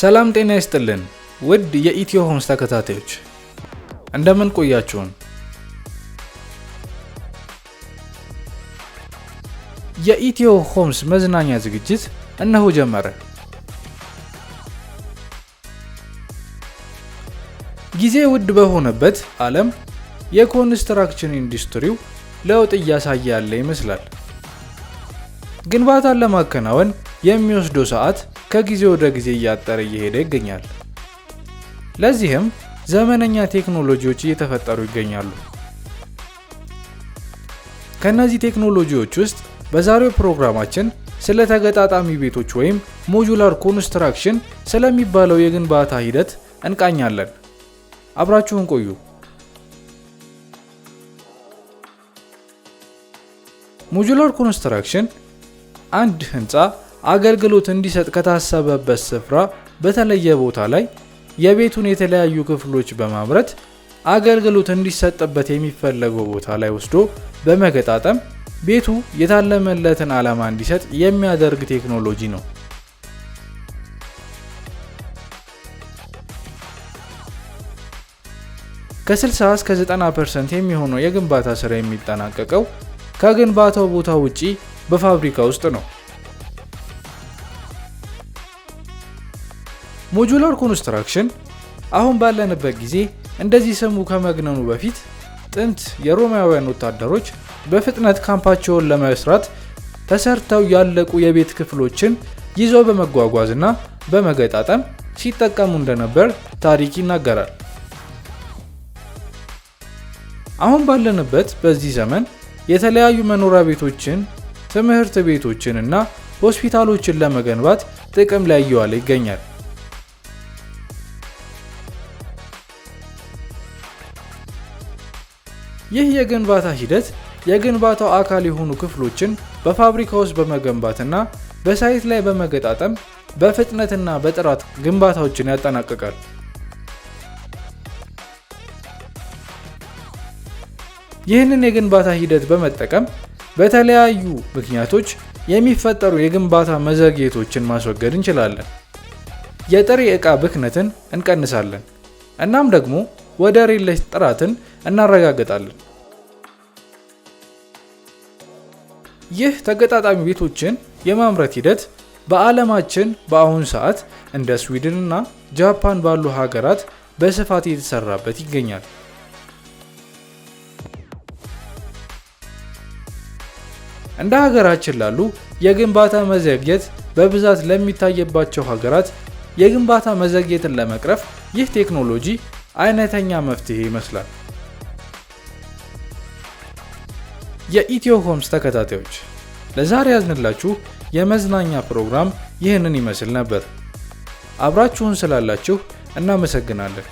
ሰላም ጤና ይስጥልን ውድ የኢትዮ ሆምስ ተከታታዮች እንደምን ቆያችሁን? የኢትዮ ሆምስ መዝናኛ ዝግጅት እነሆ ጀመረ። ጊዜ ውድ በሆነበት ዓለም የኮንስትራክሽን ኢንዱስትሪው ለውጥ እያሳየ ያለ ይመስላል። ግንባታን ለማከናወን የሚወስደው ሰዓት ከጊዜ ወደ ጊዜ እያጠረ እየሄደ ይገኛል። ለዚህም ዘመነኛ ቴክኖሎጂዎች እየተፈጠሩ ይገኛሉ። ከእነዚህ ቴክኖሎጂዎች ውስጥ በዛሬው ፕሮግራማችን ስለ ተገጣጣሚ ቤቶች ወይም ሞጁላር ኮንስትራክሽን ስለሚባለው የግንባታ ሂደት እንቃኛለን። አብራችሁን ቆዩ። ሞጁላር ኮንስትራክሽን አንድ ህንፃ አገልግሎት እንዲሰጥ ከታሰበበት ስፍራ በተለየ ቦታ ላይ የቤቱን የተለያዩ ክፍሎች በማምረት አገልግሎት እንዲሰጥበት የሚፈለገው ቦታ ላይ ወስዶ በመገጣጠም ቤቱ የታለመለትን ዓላማ እንዲሰጥ የሚያደርግ ቴክኖሎጂ ነው። ከ60 እስከ 90% የሚሆነው የግንባታ ስራ የሚጠናቀቀው ከግንባታው ቦታ ውጪ በፋብሪካ ውስጥ ነው። ሞጁላር ኮንስትራክሽን አሁን ባለንበት ጊዜ እንደዚህ ስሙ ከመግነኑ በፊት ጥንት የሮማውያን ወታደሮች በፍጥነት ካምፓቸውን ለመስራት ተሰርተው ያለቁ የቤት ክፍሎችን ይዘው በመጓጓዝና በመገጣጠም ሲጠቀሙ እንደነበር ታሪክ ይናገራል። አሁን ባለንበት በዚህ ዘመን የተለያዩ መኖሪያ ቤቶችን፣ ትምህርት ቤቶችን እና ሆስፒታሎችን ለመገንባት ጥቅም ላይ እየዋለ ይገኛል። ይህ የግንባታ ሂደት የግንባታው አካል የሆኑ ክፍሎችን በፋብሪካ ውስጥ በመገንባትና በሳይት ላይ በመገጣጠም በፍጥነትና በጥራት ግንባታዎችን ያጠናቅቃል። ይህንን የግንባታ ሂደት በመጠቀም በተለያዩ ምክንያቶች የሚፈጠሩ የግንባታ መዘግየቶችን ማስወገድ እንችላለን። የጥሬ ዕቃ ብክነትን እንቀንሳለን። እናም ደግሞ ወደ ሪሌስ ጥራትን እናረጋግጣለን። ይህ ተገጣጣሚ ቤቶችን የማምረት ሂደት በዓለማችን በአሁኑ ሰዓት እንደ ስዊድንና ጃፓን ባሉ ሀገራት በስፋት እየተሰራበት ይገኛል። እንደ ሀገራችን ላሉ የግንባታ መዘግየት በብዛት ለሚታየባቸው ሀገራት የግንባታ መዘግየትን ለመቅረፍ ይህ ቴክኖሎጂ አይነተኛ መፍትሄ ይመስላል። የኢትዮ ሆምስ ተከታታዮች ለዛሬ ያዝንላችሁ የመዝናኛ ፕሮግራም ይህንን ይመስል ነበር። አብራችሁን ስላላችሁ እናመሰግናለን።